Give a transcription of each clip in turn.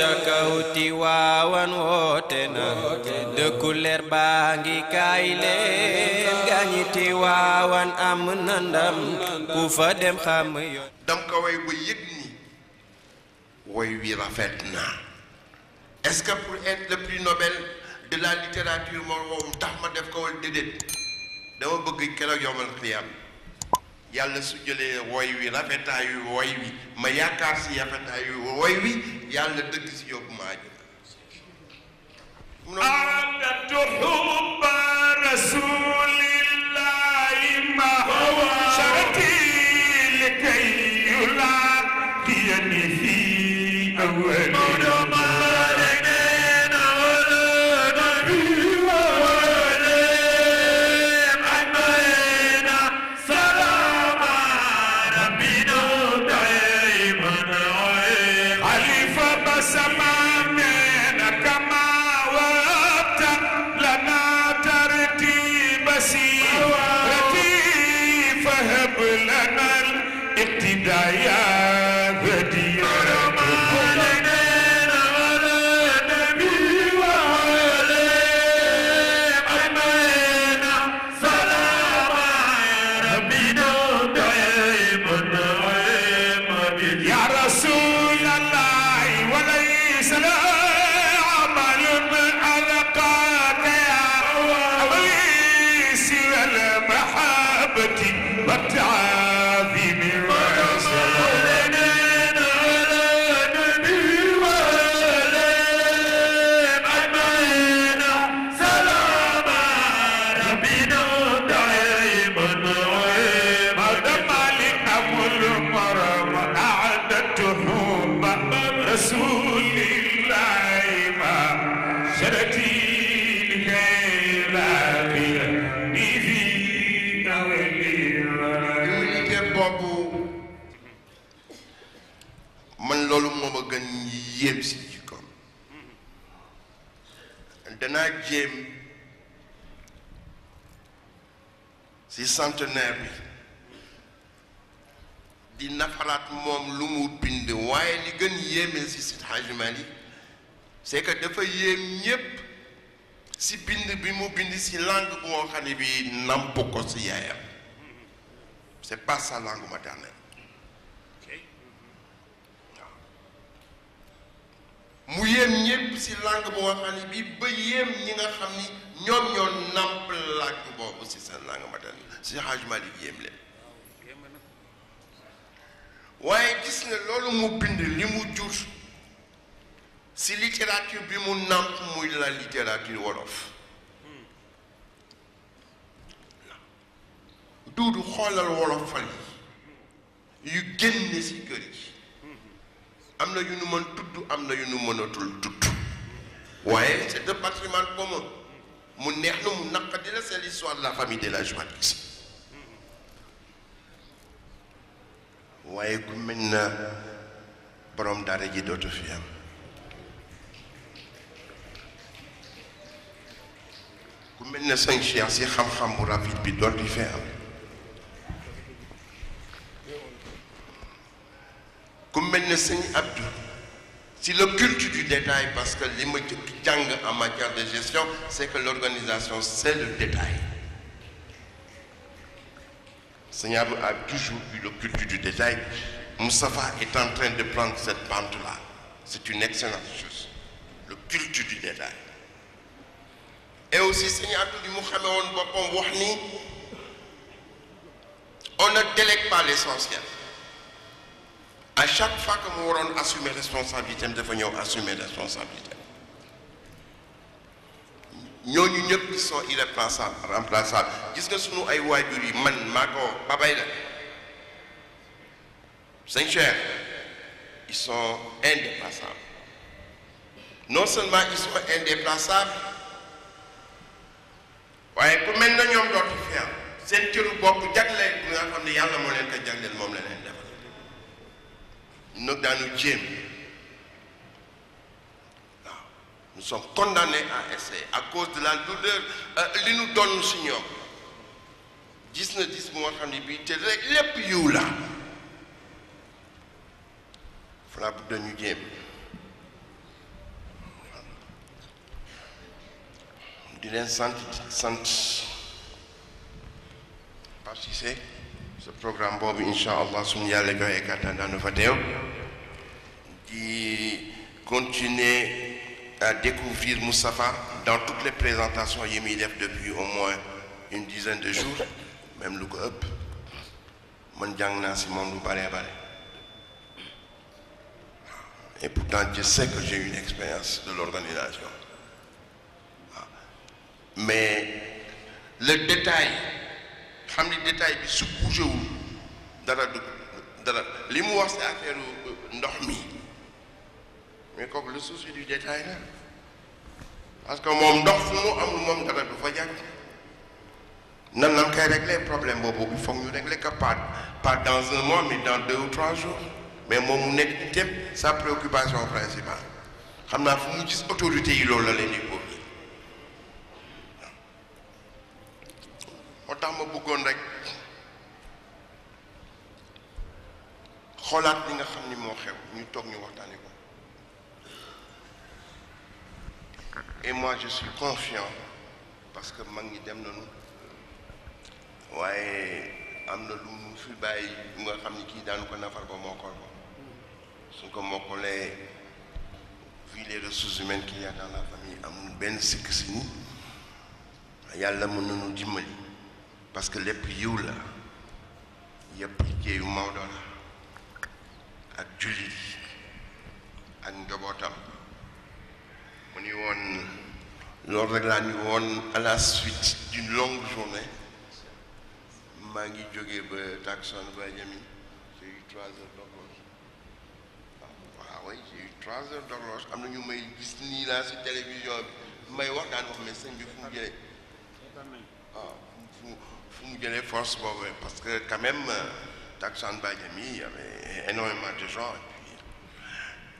ca kaw Tiwaawan woote na dëkku leer baa ngi kaay leen gaañi Tiwaawan am ndam ku fa dem xam dam ko way ba yëg ni woy wi rafet na est-ce que pour être le prix Nobel de la littérature moom tax ma def ko wala déedéet dama bëgg keroog yombal xiyaam yàlla su jëlee woy wi rafetaayu woy wi ma yaakaar si rafetaayu woy wi yàlla dëgg si yóbbu ma àjjana arada tuhubba rasuli centenaire bi di nafaraat moom lu mu bind waaye li gën yéeme si Seydi Hadji Malick dafa yéem ñépp si bind bi mu bind si langue boo xam bi namp ko si yaayam c'est pas sa langue maternelle mu yéem ñépp ci langue boo xam bi ba yéem ñi nga xam ni ñoom ñoo namp langue boobu ci seen langue maternelle C'est Hadj Malick yéem leen gis na loolu mu bind li mu jur si littérature bi mu nàmp muy la littérature wolof duudu xoolal wolofal yi yu génne ci kër yi amna yu nu mën tudd amna na yu nu mënatul tudd waye c'est un patrimoine commun mu neex na mu naqadi la c'est l'histoire de la famille de la Malick waaye ku mel na borom dara ji dootu fi am ku mel na sëñ Cheikh si xam-xam bu rafet bi dootu fi am ku mel na Abdou si le culte du détail parce que li ma jëkk jàng en matière de gestion c'est que l'organisation c'est le détail Seigneur a toujours eu le culte du détail. Moussafa est en train de prendre cette bande là C'est une excellente chose. Le culte du détail. Et aussi, Seigneur, on ne délègue pas l'essentiel. À chaque fois que nous assumer responsabilité, nous devons assumer responsabilité ñooñu ñëpp ils sont irremplaçables remplaçables gis nga sunu ay waajur yi man maa ko babay la sëñ Cheikh ils sont indéplaçables non seulement ils sont indéplaçables waaye ku mel na ñoom dootu fi seen cëru bopp jagleel bi nga xam ne yàlla moo leen ko jagleel moom la leen defal nag daanu jéem nous sommes condamnés à essayer à cause de la douleur qu'il euh, nous donne le Seigneur. 19, 10 mois, on a dit, il est plus là. Frappe de Nudien. On dirait un centre, centre. Parce que c'est ce programme, Bob, Inch'Allah, son yale, et qu'attendant nos vidéos, qui continue à découvrir Moussafa dans toutes les présentations à depuis au moins une dizaine de jours même look-up, et pourtant je sais que j'ai une expérience de l'organisation ah. mais le détail le détail bi su affaire mais kooku le souci du détail la parce que moom ndox fu mu amul moom dara du fa jàng nan nan koy régler problème boobu il faut ñu régler que pas pas dans un mois mais dans deux ou trois jours mais moom mu nekk itam sa préoccupation principale xam naa fu mu gis autorité yi loolu la leen di boobu moo tax ma bëggoon rek xoolaat li nga xam ni moo xew ñu toog ñu waxtaanee Et moi, je suis confiant parce que mangi dem waaye am lu mu fi nga xam daanu ko nafar ba ko ko vu les ressources humaines qu'il y a dans la famille amul benn sikk si ni yàlla mën dimbali parce que les yiw la yëpp liggéeyu je la ak jullit ak njobootam on lors de la à la suite d'une longue journée, Mangi à Taxon, Bayami, j'ai eu trois heures d'horloge. Ah oui, j'ai eu trois heures d'horloge. Amna ñu may gis sur télévision mais ah, parce que quand même euh, Taxon Bayami, il y avait énormément de gens.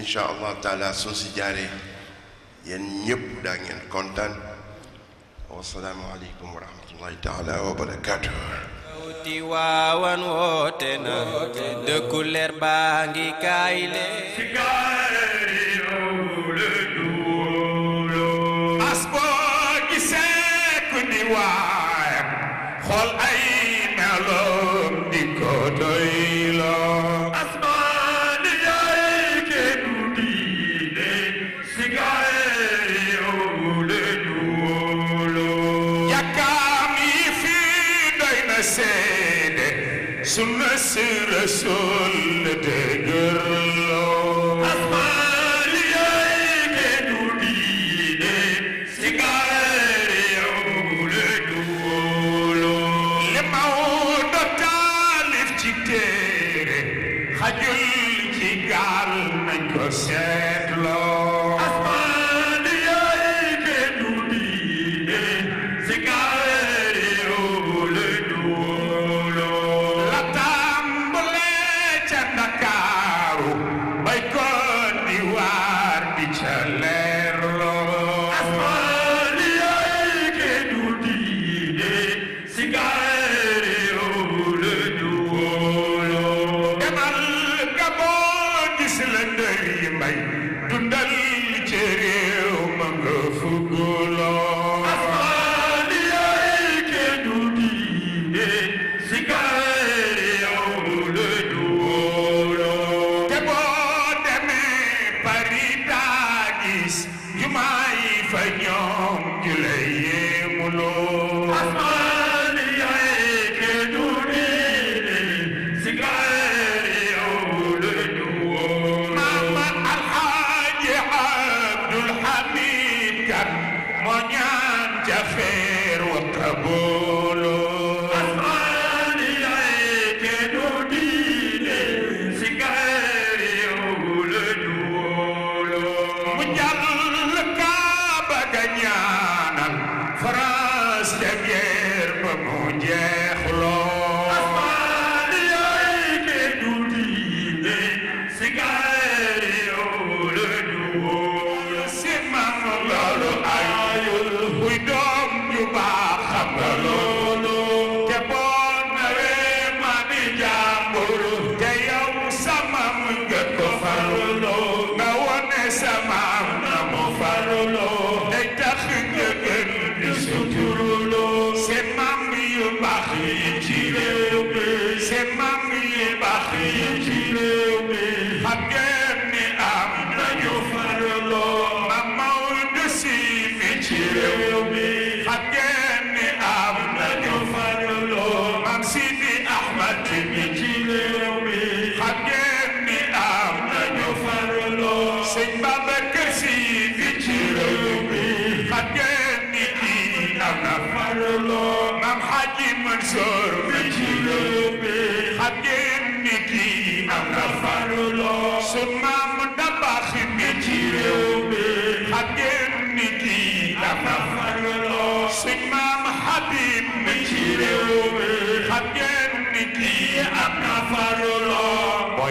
incha allah taala soo si jaaree yéen ñëpp daa ngeen kontaan wasalaamualeykum wa rahmatullahi taala wa barakaatu. Tiwaawan woote na dëkku leer baa ngi kaay leen. xool ay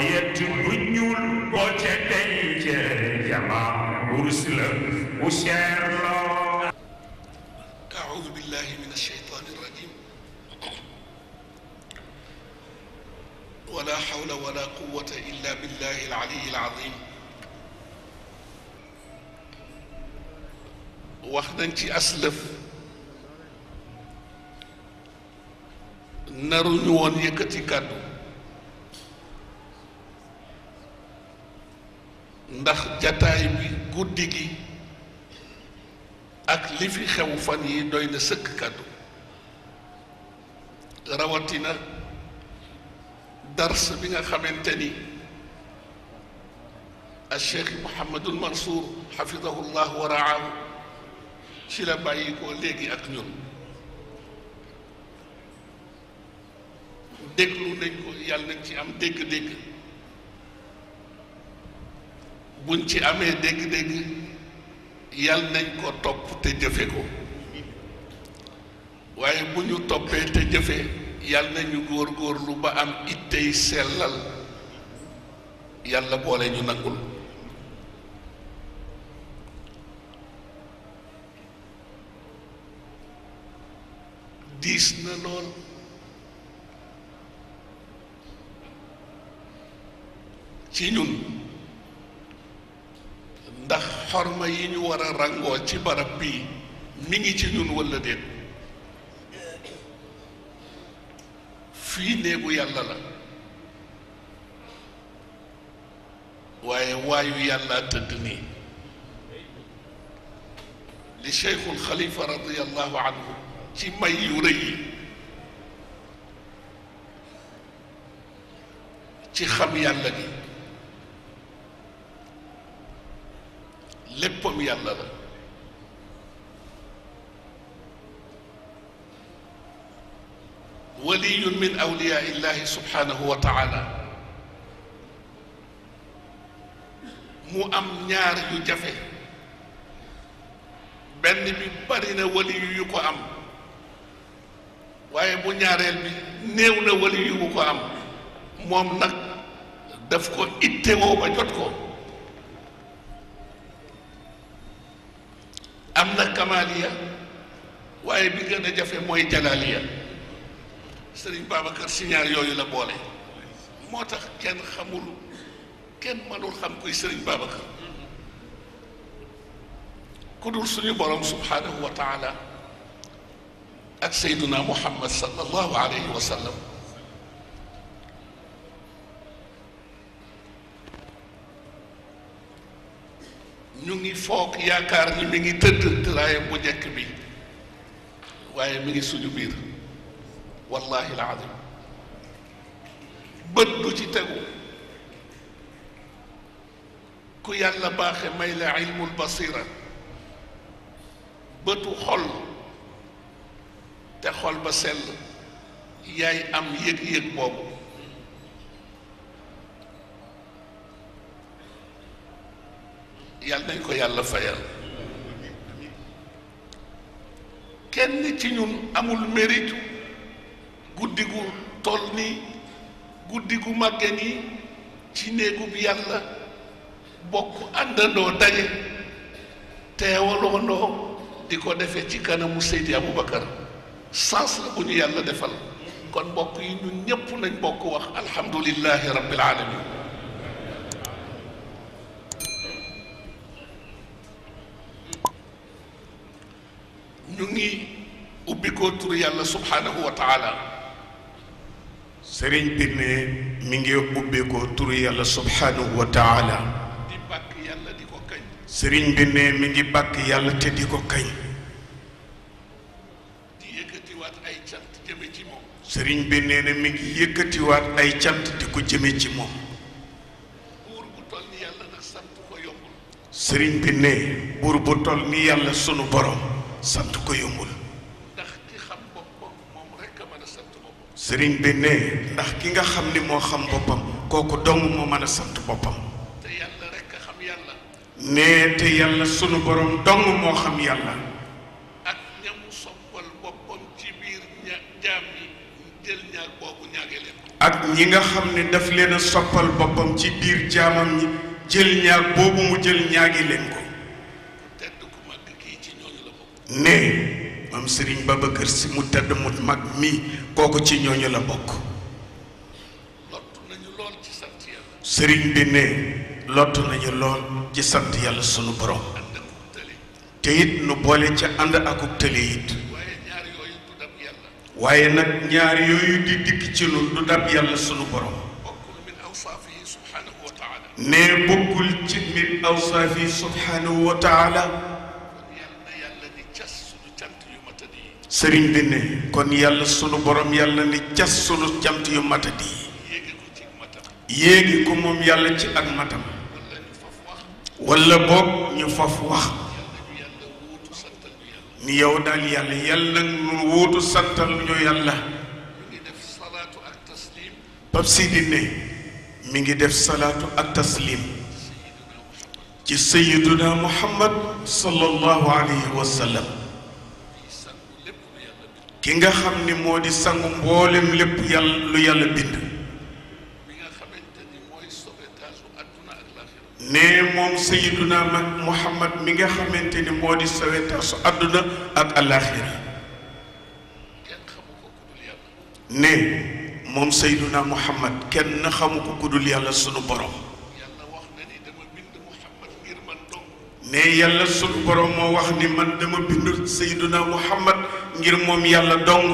moyet bu ñuul boo ca denc jama wurus la bu seer loo أعوذ بالله من الشيطان الرجيم ولا حول ولا قوة إلا بالله العلي العظيم wax nañ ci aslëf naruñu woon yëkkati kàddu ndax jataay bi guddi gi ak li fi xew fan yi doy na sëkk kàddu rawatina dars bi nga xamante ni الشيخ محمد المنصور حفظه wa ورعاه ci la bàyyi ko léegi ak ñun déglu nañ ko yàlla nañ ci am dégg-dégg buñ ci amee dégg-dégg yal nañ ko topp te jëfe ko waaye bu ñu toppee te jëfe yal nañu góorgóorlu ba am ittey sellal yàlla boole ñu nangul diis na lool ci ñun ndax xorma yi ñu war a rangoo ci barab bii mi ngi ci ñun walla fii néegu yàlla la waaye waayu yàlla tëdd nii li cheikhul xalifa radiallahu anhu ci may yu rëy yi ci xam yàlla gi leppam yalla la ولي من أولياء الله سبحانه وتعالى مو أم نيار يو جافي بن بي بارينا ولي يو كو أم واي بو نياريل نيونا ولي يو كو أم موم نك داف كو ايتيو با am na kamaaliya waaye bi gën a jafe mooy jalaaliya sëriñ Babacar si ñaar yooyu la boole moo tax kenn xamul kenn mënul xam kuy sëriñ Babacar ku dul suñu borom subhaanahu wa taala ak sayduna muhammad sallallahu alayhi wa sallam ñu ngi foog yaakaar ni mi ngi tëdd tëraaya bu njëkk bi waaye mi ngi suñu biir wallahi alazim bët du ci tegu ku yàlla baaxe may la ilmul basira bëtu xol te xol ba sell yaay am yëg-yëg boobu yàlla nañ ko yàlla fayal kenn ci ñun amul mérite guddi gu toll nii guddi gu màgge nii ci néegub yàlla bokk àndandoo daje teewaloondoo di ko defe ci kanamu Seydi Aboubacar sens la bu ñu yàlla defal kon bokk yi ñun ñépp nañ bokk wax alhamdulillahi rabbil alamin jëfandikoo tur yàlla subhaanahu wa taala sëriñ bi ne mi ngi ubbeekoo tur bàkk yàlla te di ko kañ di yëkkatiwaat ay cant jëme ci moom sëriñ bi nee na mi ngi yëkkatiwaat ay cant di ko jëme ci moom sunu borom sant ko yombul sëriñ bi ne ndax ki nga xam ni moo xam boppam kooku dong moo mën a sant boppam te yàlla rekk xam yàlla te yàlla sunu borom dong moo xam yàlla ak ñamu soppal yi ñi nga xam ne daf leen a soppal boppam ci biir jaamam ñi jël ñaag boobu mu jël ñaagi leen ko tedd maam ba bëgg si mu tedd mu mag mi kooku ci ñooñu la bokk Serigne bi ne lott nañu lool ci sant yàlla sunu borom te nu boole ca ànd akub tële it waaye nag ñaar yooyu di dikk ci nun du dab yàlla sunu borom ne bokkul ci min awsaafi subhanahu wa sëriñ bi kon yàlla sunu borom yàlla ni cas sunu jant yu matadi yéegi ko moom yàlla ci ak matam wala boog ñu faf wax ni yow daal yàlla yàlla nu wóotu santal ñu yàlla Pape Sidi ne ngi def salaatu ak taslim ci sayyiduna muhammad sallallahu alayhi wa ki nga xam ni moo di sangu mboolem lépp yàlla lu yàlla bind ne moom sayiduna muhammad mi nga xamante ni moo di sawetaasu àdduna ak alaxira ne moom sayiduna muhammad kenn xamu ko ku yàlla sunu borom ne yàlla sunu borom moo wax ni man dama bindul sayyiduna muhammad ngir moom yàlla dong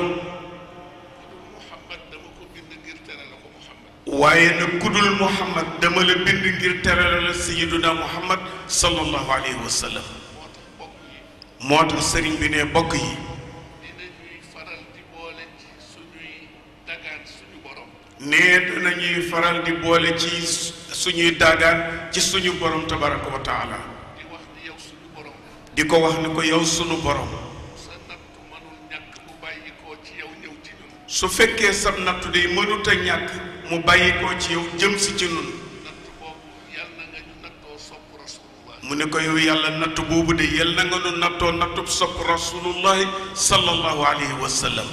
waaye nag kudul muhammad dama la bind ngir terale la sayyiduna muhammad sallallahu alayhi wa sallam moo tax sëriñ bi ne bokk yi nee danañuy faral di boole ci suñuy dagaan ci suñu borom tabaraka wa taala diko wax ni ko yow sunu borom su fekkee sam nattu day mënut a ñàkk mu bàyyi ko ci yow jëm si ci nun mu ne ko yow yàlla natt boobu de yal na nga nu nattoo nattub sopp rasulullahi sallallahu alayhi wa sallam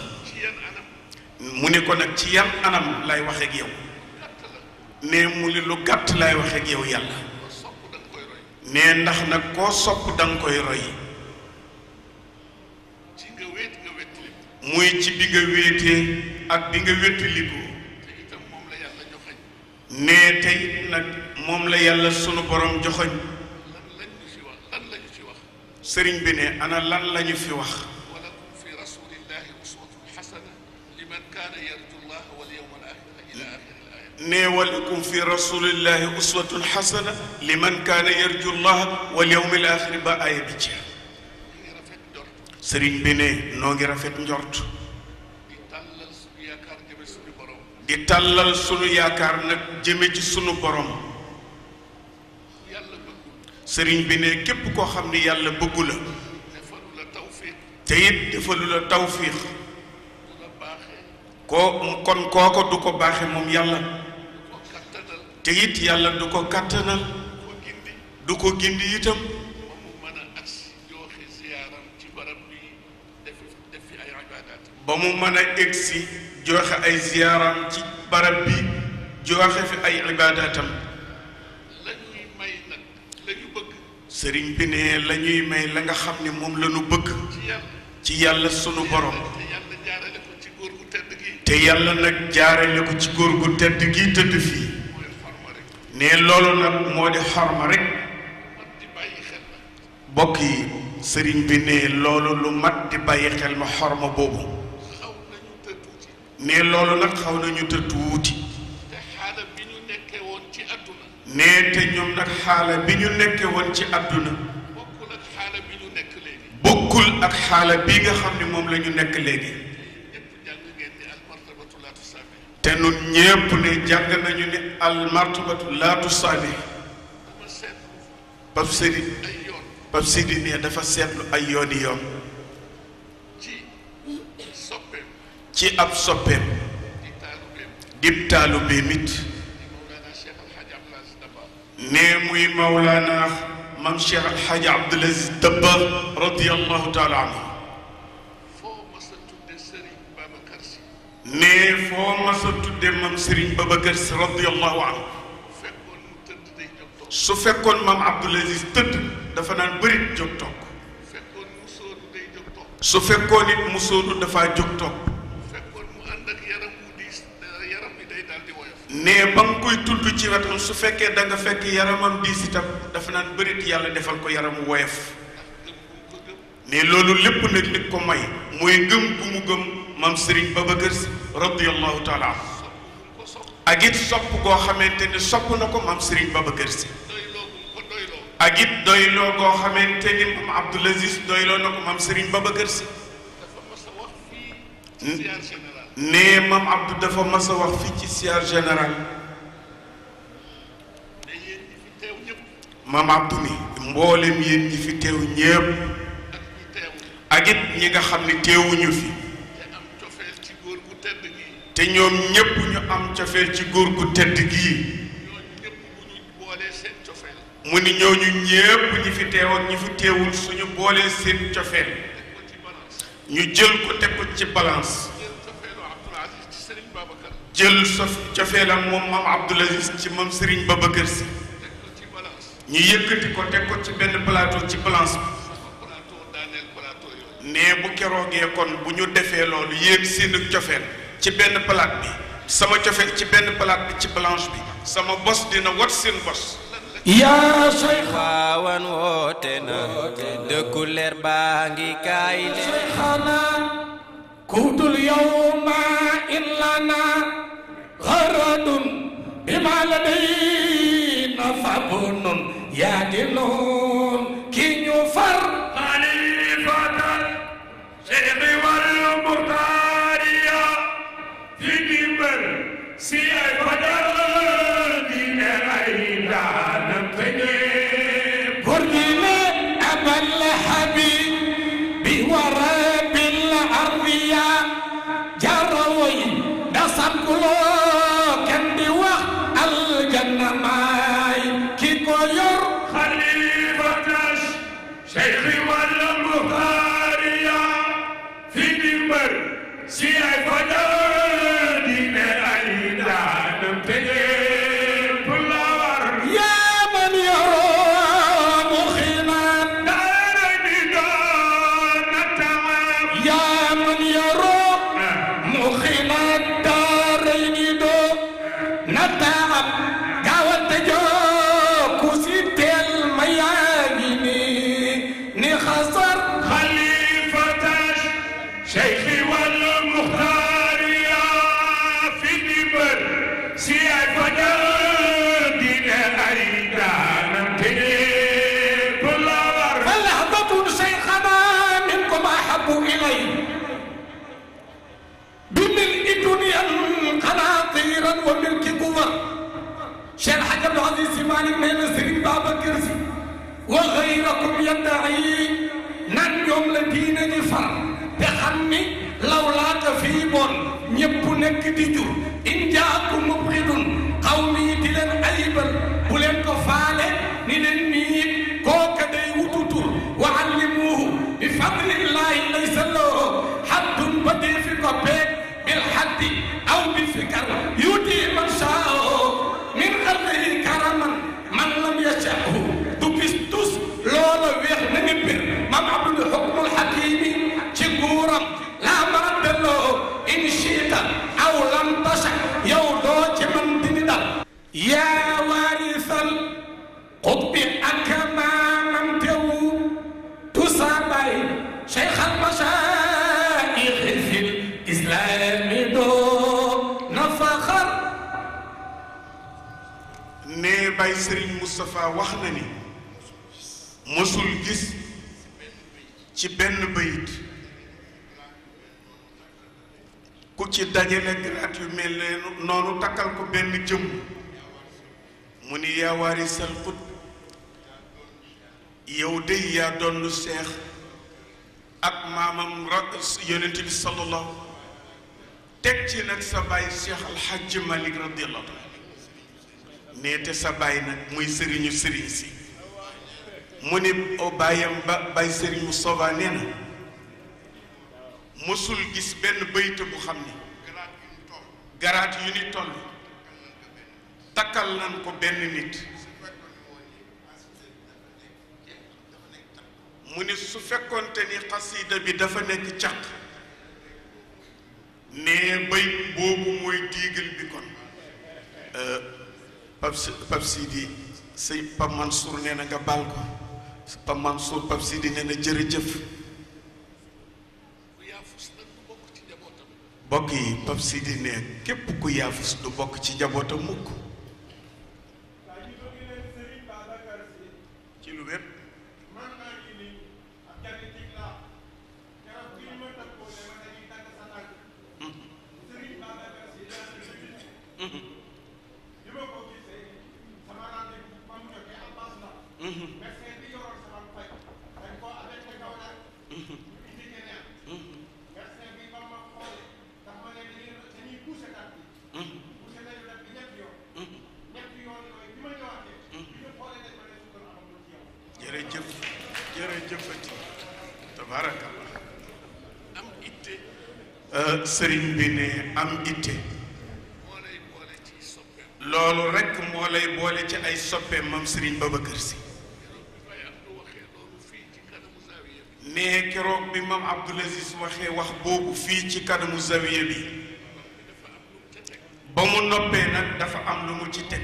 mu ne ko nag ci yan anam lay wax ak yow mais mu li lu gàtt lay wax ak yow yàlla nee ndax nag koo sopp danga koy roy muy ci bi nga wéetee ak bi nga wéttaliko nee tey nag moom la yàlla sunu borom joxoñ sëriñ bi ne ana lan lañu fi wax نيولكم في رسول الله أسوة حسنة لمن كان يرجو الله واليوم الآخر بآية بجه سرين بني نوغي رفت نجرت دي تلال سنو يا كارن جميج سنو بروم سرين بني كيب كو خمني يالا بقول تيب دفلو التوفيق كو كون كوكو دوكو باخي موم يالا te it yàlla du ko kàttanal du ko gindi itam ba mu mën a egsi joxe ziyaaram ci barab bi joxe fi ay ibaadaatam lañuy may nag lañu bëgg sëriñ bi ne lañuy may la nga xam ne moom lañu ñu bëgg ci yàlla sunu borom te yàlla nag jaarale ko ci góor gu tedd gi tëdd fii ne loolu nag moo di xorma rek bokk yi sëriñ bi ne loolu lu mat di bàyyi xel ma xorma boobu loolu nag xaw nañu te tuuti ne te ñoom nag xaala bi ñu nekke woon ci àdduna bokkul ak xaala bi nga xam ne moom lañu nekk léegi te nun ñépp ne jàng nañu ne al martabatu laa tusaani pap sëri pap sëri ne dafa seetlu ay yooni yoon ci ab soppeem dib taalibeem it ne muy mawlaana mam cheikh alxaaji abdulaziz dabba radiallahu taala anhu ne foo mas a tudde mam Serigne Babacar Sy radiyallahu anhu su fekkoon mam Abdoul Aziz tëdd dafa naan bërit jóg toog su fekkoon it musóodu dafaa jóg toog ne ba nga koy tudd ci wetam su fekkee da nga fekk yaramam diis itam dafa naan bërit yàlla defal ko yaramu woyof ne loolu lépp nag nit ko may mooy gëm gu mu gëm mam Serigne babakar Sy radiyallahu taala agit sop go xamanteni sop nako mam Serigne babakar Sy ak it doyloo goo mam abdul Aziz doylo nako mam Serigne babakar Sy nee mam Abdou dafa massa wax fi ci siar général mam Abdou mi mboolem yéen ñi fi teew ñépp ak ñi nga xamni ne ñu fi te ñoom ñépp ñu am cofeel ci góor gu tedd gii mu ni ñooñu ñépp ñi fi teew ak ñi fi teewul suñu boolee seen cofeel ñu jël ko teg ko ci balance jël sof cofeelam moom maam Abdoul Aziz ci moom Serigne Babacar Sy ñu yëkkati ko te ko ci benn plateau ci balance bi ne bu keroogee kon bu ñu defee loolu yéeg seen cofeel ci benn palaat bi sama cofeel ci benn palaat bi ci blanche bi sama bos dina wat seen bos yaa sooy xaawan woote na dëkku baa ngi kaay leen xanaa kuutul yawma illana xaradun bi ma la day na fabu nun yaa di noon ki ñu far xalifatal seydi wal muxtaar Sia e Pagano! que pediu bay Serigne Moustapha wax na ni mësul gis ci benn bayit ku ci dajale grat yu mel ne noonu takkal ko benn jëmm mu ni yaa waarisal xut yow dey yaa doon seex ak maamam ra yonent bi sallallahu teg ci nag sa baay Cheikh Alhaji Malick radiyallahu nee te sa baay nag muy sëriñu sëriñ si mu ne baayam ba bay sëriñ Moustapha nee na mësul gis benn bayte bu xam ne garaat yu ni toll takkal nan ko benn nit mu ne su fekkoonte ni xasida bi dafa nekk caq ne bayt boobu mooy diigal bi kon euh, Pape Pape Sidi sëñ nee na nga baal ko Pape Mansour Pape Sidi nee na jërëjëf mbokk yi Pape képp ku yaafus du bokk ci njabootam mukk sëriñ bi ne am itte loolu rekk moo lay boole ci ay soppe mam sëriñ Babacar si ne keroog bi mam Abdoul Aziz waxee wax boobu fii ci kanamu zawiya bi ba mu noppee nag dafa am lu mu ci teg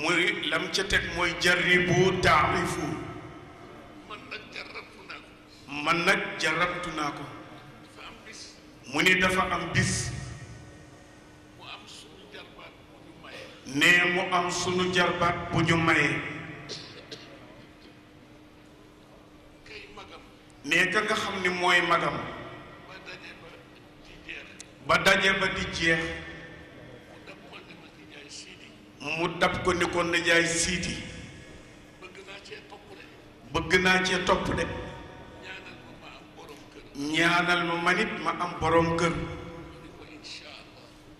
muy lam ca teg mooy jaribu taarifu ñu maye ne nga xam ni mooy magam ba daje ba di jeex mu dab ko ni ko nijaay siidi bëgg naa cee topp de ñaanal ma manit ma am borom kër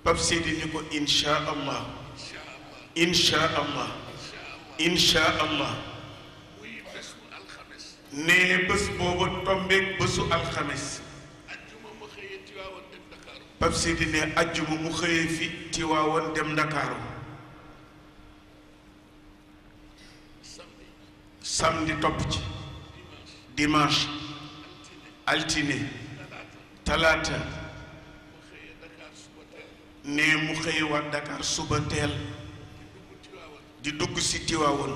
Pape ni ko insha allah insha allah ان شاء الله ني بس بوبو تومبيك بسو الخميس باب سيدي ني اجوم مخي في تيواون دم دكار سامدي توبتي ديماش التيني ثلاثه ني مخي وا دكار سوبتيل di dugg si Tiwaawoon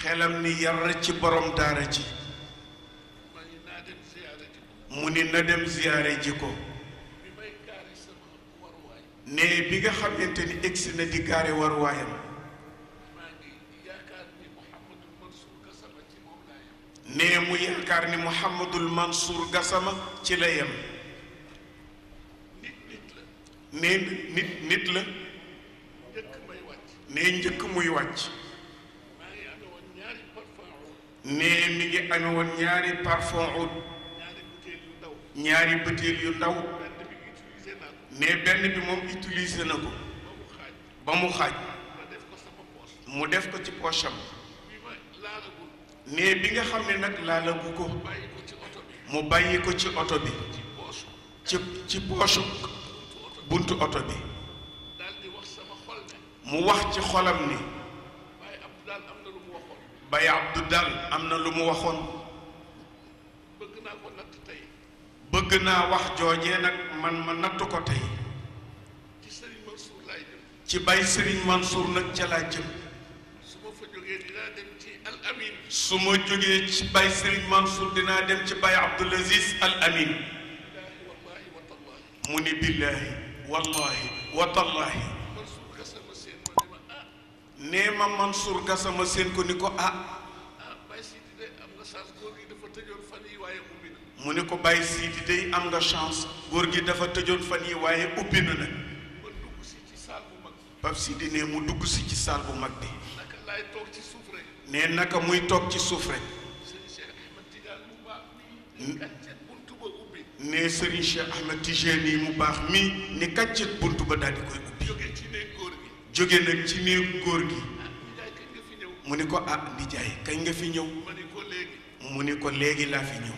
xelam ni yar ci borom daara ji mu ni na dem ziyaare ji ko ne bi nga xamante ni egsi na di gaare waruwaayam ne mu yaakaar ni Mouhamadul Mansour Gassama ci la yem nit nit nit la ne njëkk muy wàcc ne mi ngi ame ñaari parfon ut ñaari bëtéel yu ndaw ne benn bi moom utilisé na ko ba mu xaaj mu def ko ci poosam ne bi nga xam ne nag laalagu ko mu bàyyi ko ci oto bi ci ci buntu oto bi mu wax ci xolam ni baye abdu dal am lu mu waxon bëgg naa ko natt tey bëgg naa wax joojee nag man ma natt ko tey ci sëriñ mansour laa jëm ci bay sëriñ mansour nag ca laa jëm su fa jógee dinaa dem ci al amin su ma ci bay sëriñ mansour dinaa dem ci bay abdul aziz al amin wallahi wa tallahi nema mansour sur ma sen ko niko ah bay sidi de am nga chance gorgi dafa tejon fani waye ubina mu niko bay sidi de am nga chance gorgi dafa tejon fani waye ubina na bab sidi ne mu dugg si ci sal mag de naka lay tok ci soufre ne naka muy tok ci soufre ne cheikh ahmed tijani mu bax mi ne katchet buntu ba dal jóge nak ci néeg gor gi muniko ni ko ah ndijaay kañ nga fi ñëw muniko legi ko léegi laa fi ñëw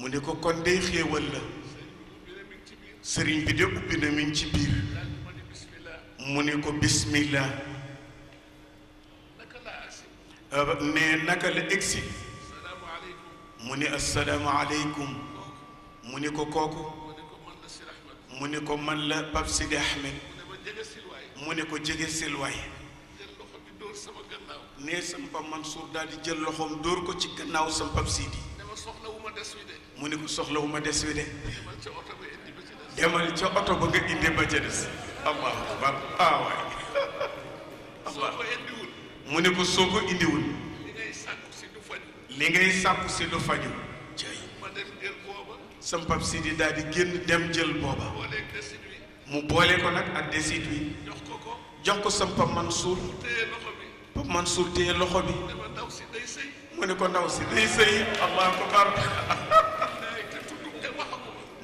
muniko kon day xewal la sëriñ bi de ubbi na min ci bir muniko bismillah ne naka la egsi mu ni asalaamaaleykum mu ni ko kooku mu ni man la Pape Sidi Ahmed mu ne ko jege silwaay ne sama pap Mansour daal di jël loxoom dóor ko ci gannaaw sama pap Sidi mu ne ko soxla ma des wi de demal ca oto ba nga indi ah, mu ne ko soo ko indiwul li ngay sàkku si lu faju jay sama pap Sidi daal di génn dem jël booba mu boole ko nag ak desit wi jox sam pam Mansour pam Mansour te loxo bi mu ko ndaw si day sey allahu akbar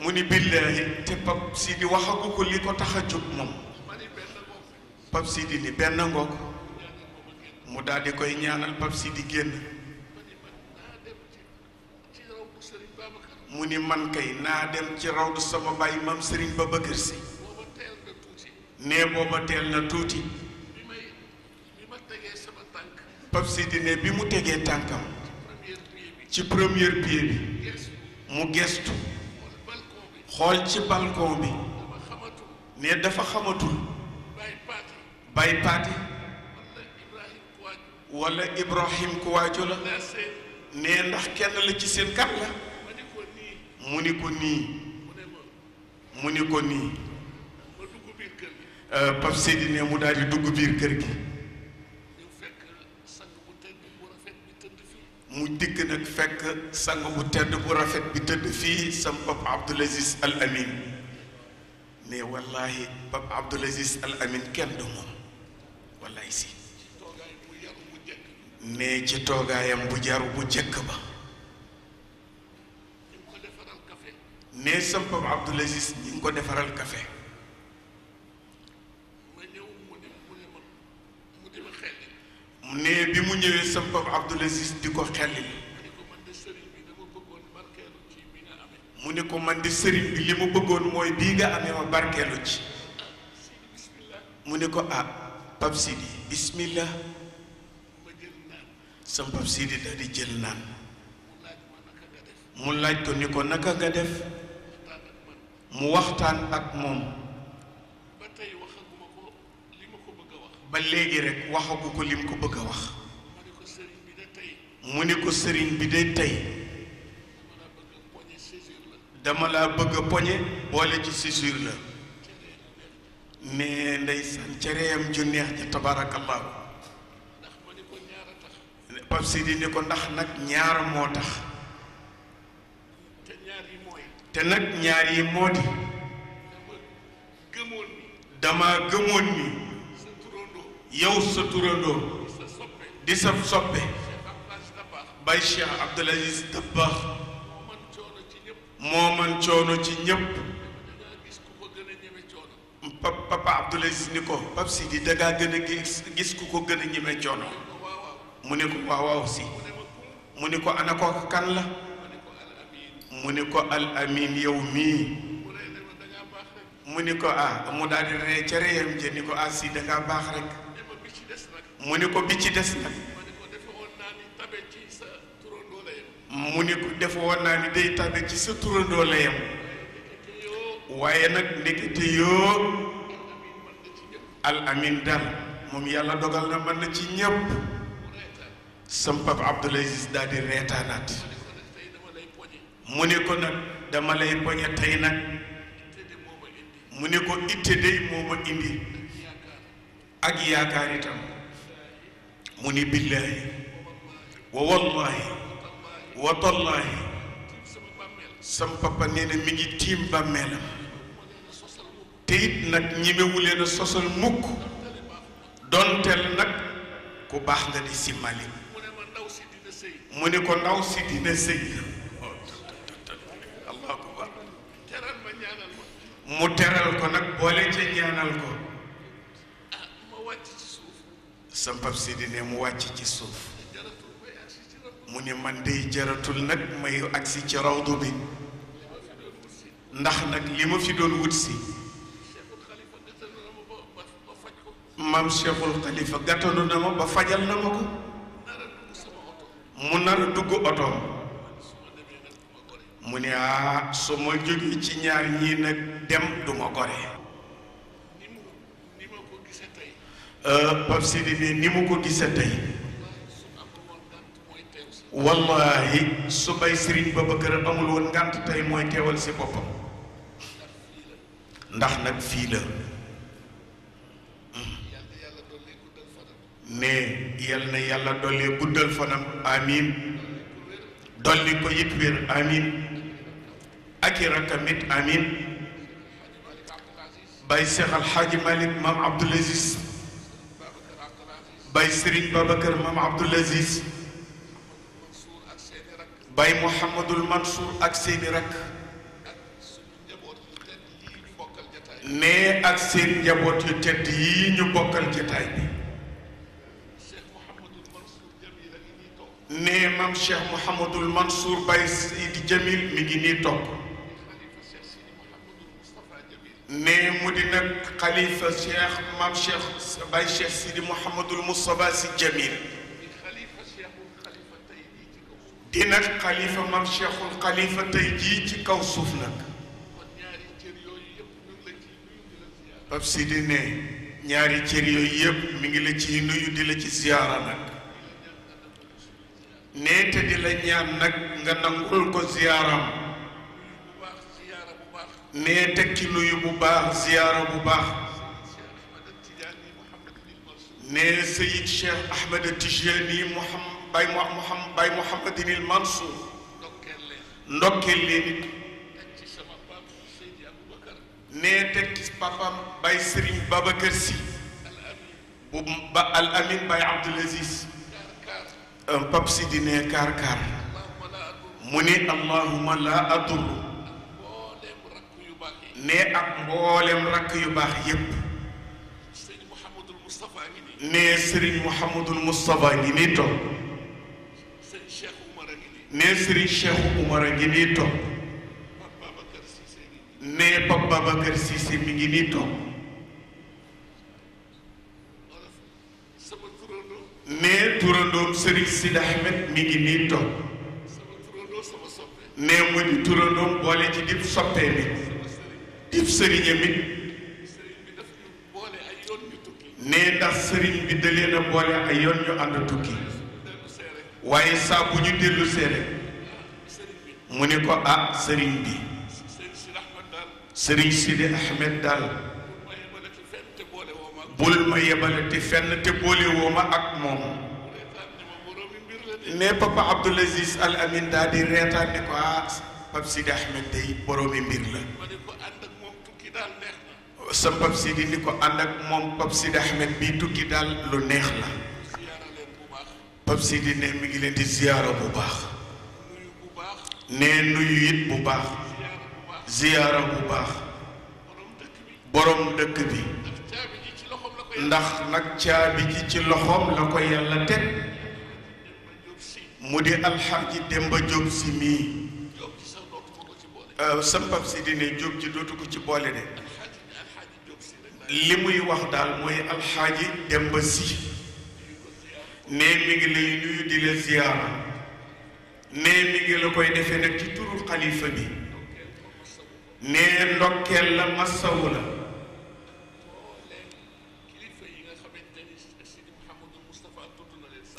mu ni billahi te pap Sidi waxagu ko liko ko mom pap Sidi ni ben ngok mu daal koy ñaanal pap Sidi genn mu man kay na dem ci rawdu sama bàyyi mam Serigne babakar Sy nee booba teel na tuuti Pape Sidi ne bi mu tegee tànkam ci première biir bi mu gestu xool ci balcon bi ne dafa xamatul bay paati wala Ibrahim ku waaju la ne ndax kenn la ci seen kat la mu ni ko nii mu ni ko nii Euh, Pape Seydi ne mu daal di dugg biir kër gi mu dikk nag fekk sang bu tedd bu rafet bi tëdd fii sam Pape Abdoul Aziz Al ne wallahi Pape Abdoul Aziz Al Amin kenn du moom wallahi si ne ci toogaayam bu jaru bu jëkk ba ne sam Pape Abdoul Aziz ñi ngi ko defaral kafe ne bi mu ñëwee sa papa Aziz di ko xelli mu ne ko man di sëriñ bi li mu bëggoon mooy bii nga amee ma barkeelu ci mu ne ko ah Pape Sidi bismillah sa Pape Sidi daal di jël naan mu laaj ni ko naka nga def mu waxtaan ak moom ba léegi rek waxagu ko lim ko bëgg a wax mu ne ko sëriñ bi de tey dama laa bëgg a poñe boole ci séjour la mais ndeysaan cereyam ju neex ja tabaarakallaahu Pape Sidi ni ko ndax nag ñaar moo tax te nag ñaar yi moo di dama gëmoon ni yow sa turandoo di sa soppe bay Cheikh Abdoul Aziz Dabakh moo man coono ci ñépp papa Abdoul ni ko pap si di dangaa gën a gis gis ku ko gën a ñeme coono mu ne ko waaw si mu ne ko ana ko kan la mu ne ko al amin yow mii mu ni ko ah mu daal di ree ca reyam ja ni ko ah si dangaa baax rek mu ne ko bi ci des nag mu ni ko def woon naa ni day tabe ci sa turandoo la waaye nag ndekete yoo al amin moom yàlla dogal na mën na ci ñëpp sam pap Abdoul Aziz daal di reetaanaat mu ni ko nag dama lay poñe tey nag mu ni ko itte day moo ma indi ak yaakaar itam mu ni billaahi wa wallaahi wa tallaahi sam papa nee na mi ngi tiim bàmmeelam te it nag ñemewu leen sosal mukk donteel nag ku baax nga di si Malick mu ni ko ndaw si dina sëy mu teral ko nag boole ca ñaanal ko sa pap Sidi mu wàcc ci suuf mu ne man dey jaratul nag may agsi ci rawdu bi ndax nag li ma fi doon wut si maam Cheikhul Khalifa gàttanu na ma ba fajal na ma ko mu nar dugg otoom mu ne ah su ma jógee ci ñaar ñii nag dem du ma Euh, Pape ni mu ko gisee tey wallahi su bay Serigne Babacar amul woon ngànt tey mooy teewal si boppam ndax nag fii la hmm. mais na yàlla dolli guddal fanam amin dolli ko it wér amin ak i rakamit amin bay Cheikh Alxaaji Malik Maam Abdoul Aziz bay Serigne Babacar maam Abdoul Aziz bay Mouhamadul Mansour ak seeni rakk nee ak seen njaboot yu tedd yii ñu bokkal jotaay bi nee maam Cheikh Mouhamadul Mansour bay Sidi Jamil mi ngi nii toog ne mu di nag xalifa cheikh maam cheikh bay cheikh sidi mouhamadul moustapha si jamil di nag xalifa maam cheikhul xalifa tey jii ci kaw suuf nag pap sidi ne ñaari cër yooyu yëpp mi ngi la ciy nuyu di la ci ziyaara nag ne te di la ñaan nag nga nangul ko ziyaaram mais tekki nuyu bu baax ziyaara bu baax ne sayid cheikh ahmed tijani moham bay moham bay mohamadin il mansour ndokkeel leen ne tekki papam bay serigne babacar si bu ba al amin bay abdulaziz un pap si di ne kaar kaar mu ne allahuma la adurru mais ak mboolem rakk yu baax yépp ne Serigne Mouhamadul Moustapha ngi nii toog ne Serigne Cheikh Oumar ngi nii toog ne Pape Babacar Cissé mi ngi nii toog ne turandoom Serigne Sidi Ahmed mi ngi nii toog ne mu di turandoom ci dib soppee bi di sëriñam it nee ndax sëriñ bi da leen a boole ay yoon ñu ànd tukki waaye saa bu ñu dellu seere mu ne ko ah sëriñ bi sëriñ Sidi Ahmed daal bul ma yebalati fenn te boole woo ma ak moom ne papa Abdoul Aziz Al Amin daal di reetaan ne ko ah Pape Sidi Ahmed day boroomi mbir la sa Pape Sidi li ko ànd ak moom Pape Sidi Ahmed bi tukki daal lu neex la Pape Sidi ne mi ngi leen di ziyaara bu baax nee nuyu it bu baax ziyaara bu baax borom dëkk bi ndax nag caabi ji ci loxoom la ko yàlla teg mu di alxaaji Demba Jóob si mii sa Pape Sidi ne Jóob ji dootu ko ci boole de li muy wax daal mooy alxaaji Demba Si ne mi ngi lay nuyu di la ziyaara ne mi ngi la koy defee nag ci turu xalifa bi ne ndokkeel la masawu la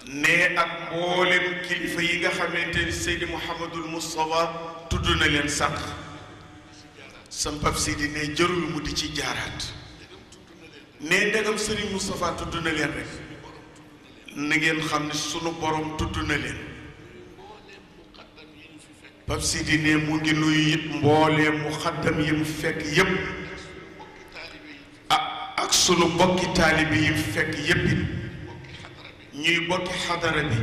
ne ak mboolem kilifa yi nga xamante ni Seydi Mouhamadul Moustapha tudd na leen sànq sa mpab Seydi ne jërul mu di ci jaaraat ne ndegam Serigne Moustapha tudd na leen rek na ngeen xam ne sunu borom tudd na leen Pape Sidi ne mu ngi nuyu it mboolee mu xaddam yi mu fekk yépp ah ak sunu bokki taalibi yi mu fekk yépp it ñuy bokki xadara bi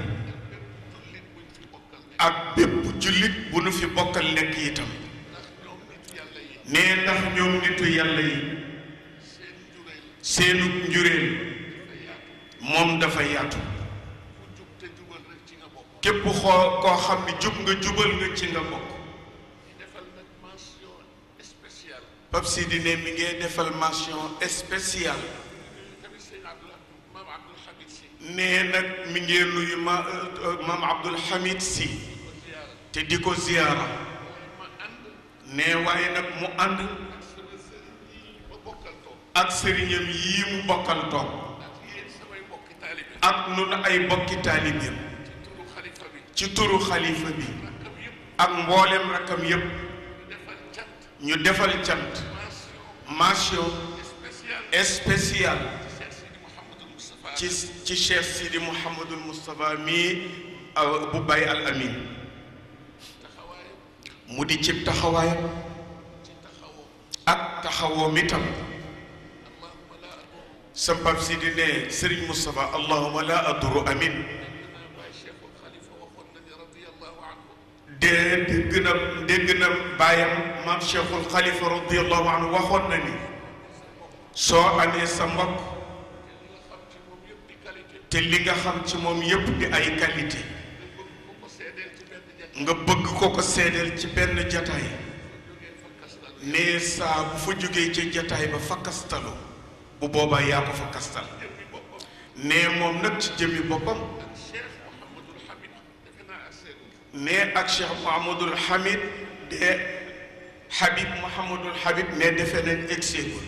ak bépp jullit bu nu fi bokkal nekk itam ne ndax ñoom nitu yàlla yi seenu njureel moom dafa yaatu képp xoo koo xam ne jub nga jubal nga ci nga bokk Pape ne mi ngee defal mention spéciale nee nag mi ngee nuyu ma euh, maam Abdoul Hamid si te di ko ziyaara nee waaye nag mu ànd ak sëriñam yii mu bokkal toog ak nun ay bokki taalibeem ci turu xalifa bi ak mboolem rakkam yépp ñu defal cant mention spéciale ci ci Cheikh Sidi Mouhamadul Moustapha mii euh, bu Baye Al mu di cib taxawaayam ak taxawoom itam سبب سيدنا سري مصطفى اللهم لا أدر أمين دغنا دغنا بايام مام شيخ الخليفه رضي الله عنه واخوناني سو امي سمبك تي ليغا خام سي موم ييب دي اي كاليتي nga bëgg ko ko sédel ci benn jotaay né sa bu fa joggé ci jotaay ba fakastalo bu boobaa yaa ko fa kastal nee moom nag ci jëmmi boppam nee ak Cheikh Mouhamadul Hamid de Habib Mouhamadul Habib nee defe nañ egseegul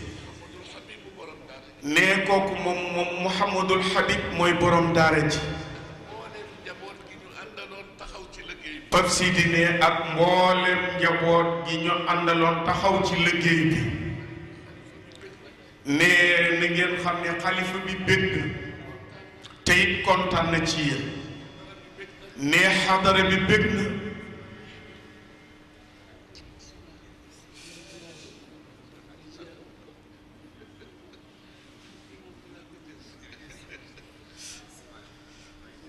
nee kooku moom moom Mouhamadul Habib mooy borom daara ji Pape Sidi ne ak mboolem njaboot gi ñu àndaloon taxaw ci liggéey bi. ne na ngeen xam ne xalifa bi bëgg te it kontaan na ci yéen ne xadara bi bëgg na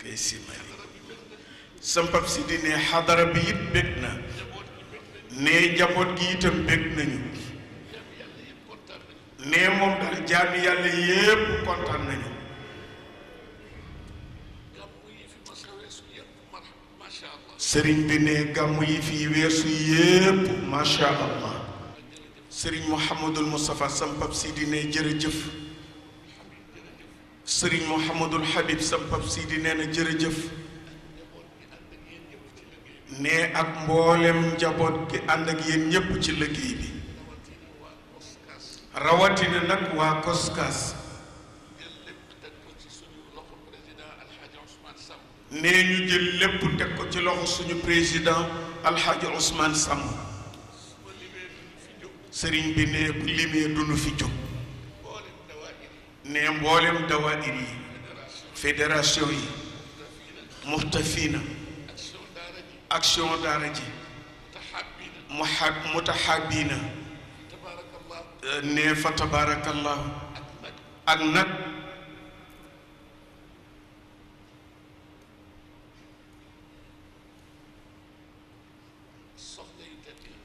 kay si mari sampab si di xadara bi it bëgg na ne jaboot gi itam bëgg nañu ne moom daal jaami yàlla yépp kontaan nañu sëriñ bi ne gàmmu yi fii weesu yépp macha allah sëriñ mouhamadul moustapha sampab si di ne jërëjëf sëriñ mouhamadul habib sampab si di nee na jërëjëf ne ak mboolem njaboot gi ànd ak yéen ñépp ci liggéey bi rawatine nag waa koskaas nee ñu jël lépp teg ko ci loxo suñu président alxaaji Ousmane Sam sëriñ bi ne limee duñu fi jóg ne mboolem dawaayir yi fédération yi muxtafina action daara ji mutahabina ne تبارك الله ak nag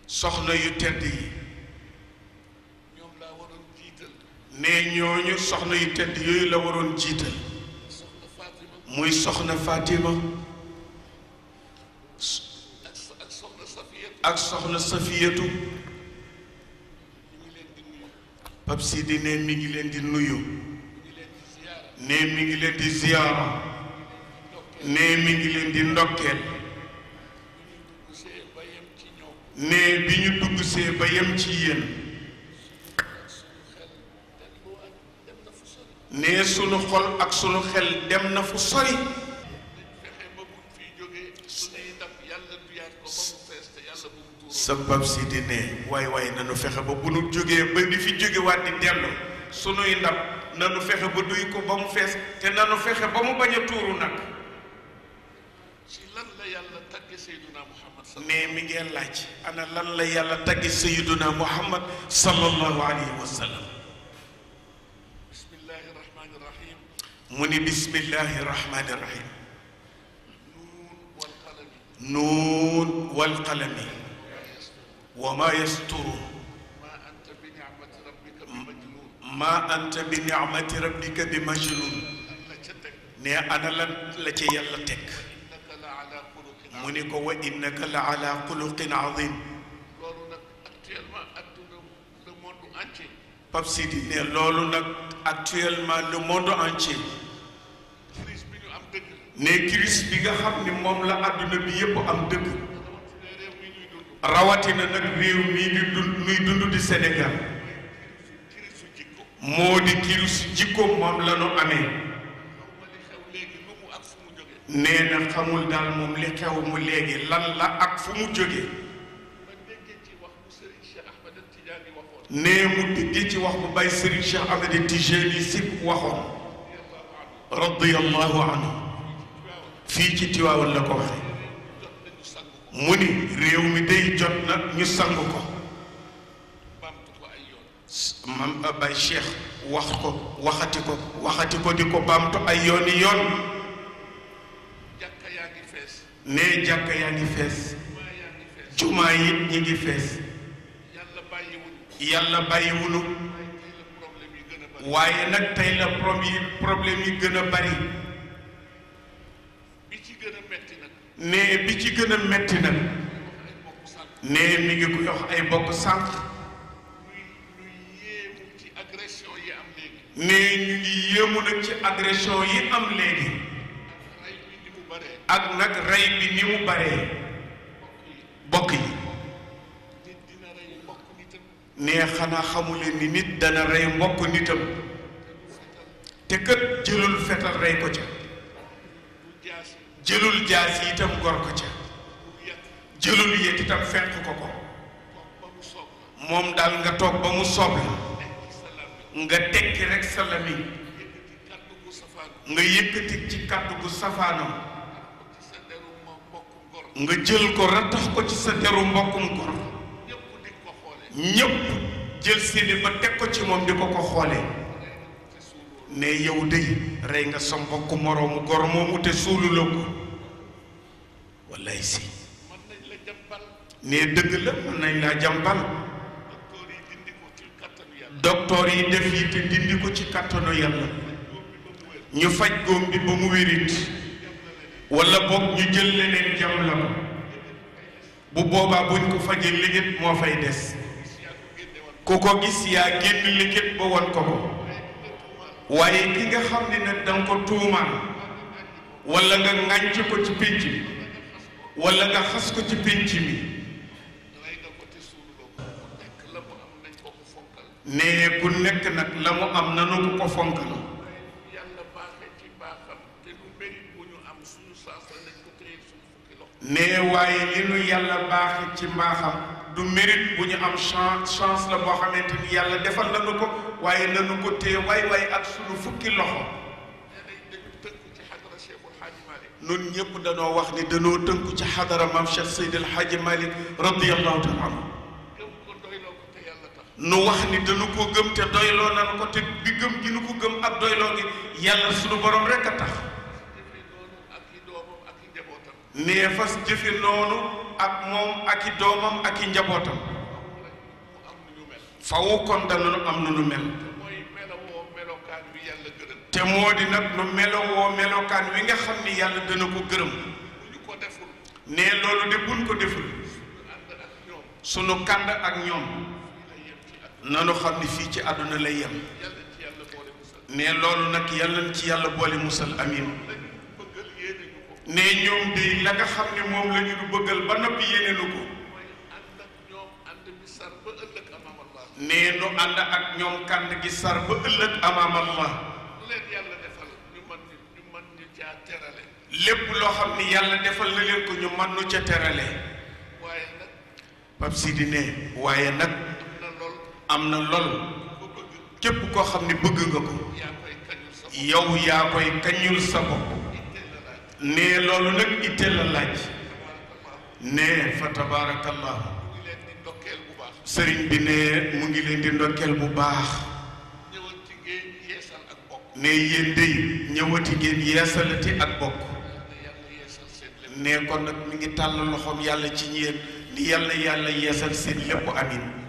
soxna yu tedd yi ne ñooñu soxna yu tedd yooyu la waroon jiital muy soxna Fatima ak soxna Safiyatu Pape Sidi ne mi ngi leen di nuyu ne mi ngi leen di ziyaara ne mi ngi leen di ndokkeel ne bi ñu dugg ba yem ci yéen ne sunu xol ak sunu xel dem na fu sori sabab si di ne way waay nanu fexe ba bu nu joggé ba di fi joggé wat di dellu suñu ndam nanu fexe ba duy ko ba mu fess te nanu fexe ba mu baña touru nak ci lan la yàlla tagge sayyiduna muhammad sallallahu wasallam mais mi ngi laaj ana lan la yàlla tagge sayyiduna muhammad sallallahu alayhi wasallam bismillahir rahmanir rahim muni bismillahir rahmanir rahim nun wal qalami nun wal qalami وما يستره ما أنت بنعمة ربك بمجنون ne ana lan la ci yàlla teg mu ni ko wa innaka la ala xuluqin azim loolu nag actuellement adduna le monde entier Pape Sidi ne loolu nag actuellement le monde entier crise bi ñu am dëgg ne crise bi nga xam ni moom la adduna bi yëpp am dëgg rawatina nak rew mi di dund mi dund di Sénégal modi di kirisu jikko mom la no amé nee xamul dal mom li xew mu léegi lan la ak fu mu jóge ne mu déggee ci wax bu bay Serigne Cheikh Ahmed Tijani si waxon radiyallahu anhu fi ci Tiwaawan la ko waxe mu ni réew mi day jot na ñu sang ko mam bay ko waxati ko waxati ko di ko ay yooni yoon jàkka yaa ngi fees ne jàkka yaa ngi fees jumaa yi ñi ngi fees yàlla bàyyiwunu waaye nag tey la problème yi gën a bari ne bi ci gën a metti nag ne mi ngi ko yox ay bokk sànq ne ñu ngi yéemu nag ci agression yi am léegi ak nag rey bi ni mu baree bokk yi ne xanaa xamuleen ni nit dana rey mbokk nitam te kat jëlul fetal rey ko ca jëlul jaas yi itam gor ko ca jëlul yéet itam fenq ko ko moom daal nga toog ba mu soob nga tekki rek sa lamiñ nga yëkkati ci kàddu gu safaanam nga jël ko rattax ko ci sa deru mbokkum gor ñépp jël seeni ba teg ko ci moom di ko ko xoolee ne yow dey rey nga sa mbokk moroomu gor moomu te suululoo ko wallaay si ne dëgg la mën nañ laa jàmbal docteur yi def yi te dindi ko ci kàttanu yàlla ñu faj góom bi ba mu wérit wala boog ñu jël leneen jam la ko bu boobaa buñ ko fajee liggéey moo fay des ku ko gis yaa génn liggéey ba won ko ko waaye ki nga xam ne nag da ko tuumaan wala nga ŋànc ko ci pénc mi wala nga xas ko ci pénc bi ne ku nekk nag la mu am nanu ko ko fonkal ne waaye li nu yàlla baaxe ci mbaaxam du mérite bu ñu am chance chance la boo xamante ni yàlla defal nañu ko waaye nañu ko téye waay waay ak suñu fukki loxo nun ñëpp danoo wax ni danoo tënku ci xadara maam Cheikh Seydil Hadji Malick radiyallahu taala nu wax ni dañu ko gëm te doyloo nan ko te bi gëm gi nu ko gëm ak doyloo gi yàlla suñu borom rek a tax nee jëfe noonu ak moom ak i doomam ak i njabootam fawu kon dana nu am nu nu mel te moo di nag nu melowoo melokaan wi nga xam ni yàlla dana ko gërëm ne loolu de buñ ko deful sunu kànd ak ñoom nanu xam ni fii ci àdduna lay yem ne loolu nag yàlla ci yàlla boole musal amin ne ñoom day la nga xam ne moom la ñu du bëggal ba noppi yéene lu ko nee nu ànd ak ñoom kànn gi sar ba ëllëg amaam Allah lépp loo xam ne yàlla defal na leen ko ñu mën nu ca terale Pape Sidi ne waaye nag am na lool képp koo xam ne bëgg nga ko yow yaa koy kañul sa bopp ne loolu nag itteel la laaj ne fa tabaarakallahu sëriñ bi ne mu ngi leen di ndokkeel bu baax ne yéen dey ñëwati ngeen yeesalati ak bokk ne kon nag mi ngi tàll loxoom yàlla ci ñeen ni yàlla yàlla yeesal seen lépp amin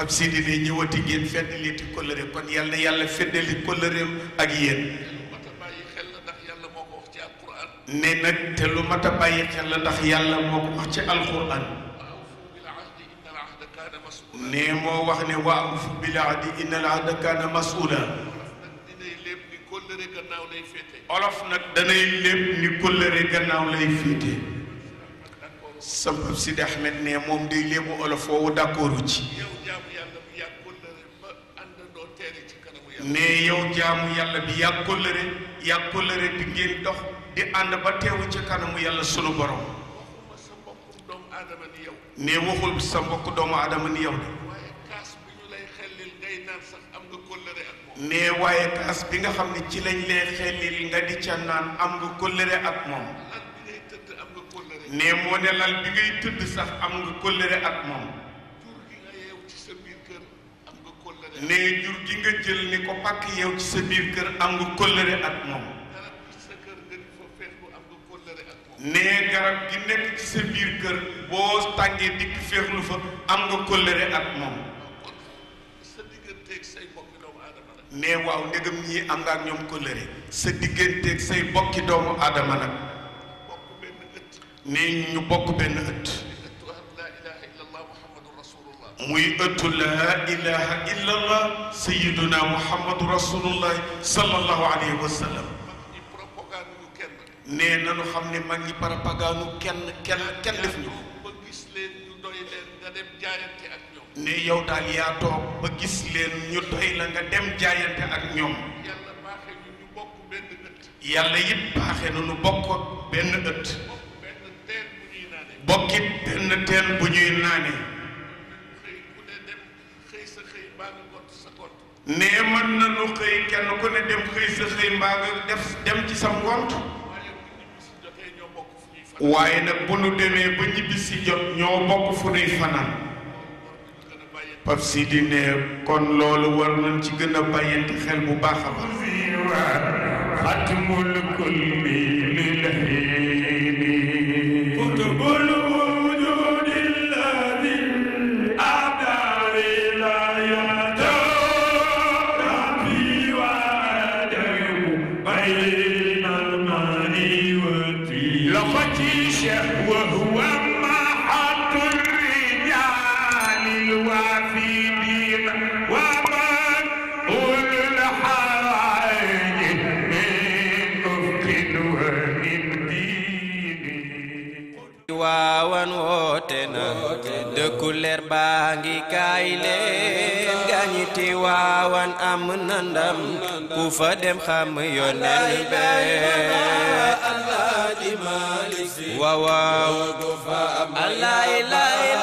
ab Sidi day ñëwati gën ngeen feddaleeti kóllëre kon yalla na yàlla feddali kóllëreem ak yéen ne nak te lu mata baye xel la ndax yàlla moko wax ci alquran ne mo wax ne wa fu bil ahdi in al ahda kana mas'ula olof nag danay lépp ni kóllëre gannaaw lay fete sama Sidi Ahmed ne moom day léebu olof woowu d'accordu ci ne yow jaamu yàlla bi yàg kóllëre yàg kóllëre bi ngeen dox di ànd ba teewu ci kanamu yàlla sunu borom ne waxul sa mbokk doomu aadama ni yow waaye kaas bi nga xam ne ci lañ lay xellil nga di ca naan am nga kóllëre ak moom ne moo ne lal bi ngay tëdd sax am nga kóllëre ak moom ne jur gi nga jël ni ko pàkk yow ci sa biir ak moom ne garab gi nekk ci sa biir kër boo tàngee dikk féexlu fa am nga kóllëre ak moom ne waaw ndegam ñii am nga ak ñoom kóllëre sa digganteeg say bokki doomu aadama nag ne ñu bokk benn ëtt muy ëttu laa ilaha illa allah sayiduna muhammadu rasulullahi sallallahu alayhi wa sallam nee nanu xam ne mag ñi parapagaanu kenn kenn kenn def ñu ba gis leen ñu doy leen nga dem jaayante ak ñoom ne yow daal yaa toog ba gis leen ñu doy la nga dem jaayante ak ñoom yàlla baaxee ñu ñu bokk benn ëtt yàlla it baaxee na ñu bokk benn ëtt bokkit benn teen bu ñuy naane ne mën na nu xëy kenn ku ne dem xëy sa xëy mbaa nga def dem ci sa ngont waaye nag bu nu demee ba ñibbi si jot ñoo bokk fu fanaan pap si di ne kon loolu war nañ ci gën a bàyyante xel bu baax a baax xatimul kulli ngi kaay leen gaañi Tiwaawan am na ndam ku fa dem xam yonen be Allah di Malik waaw waaw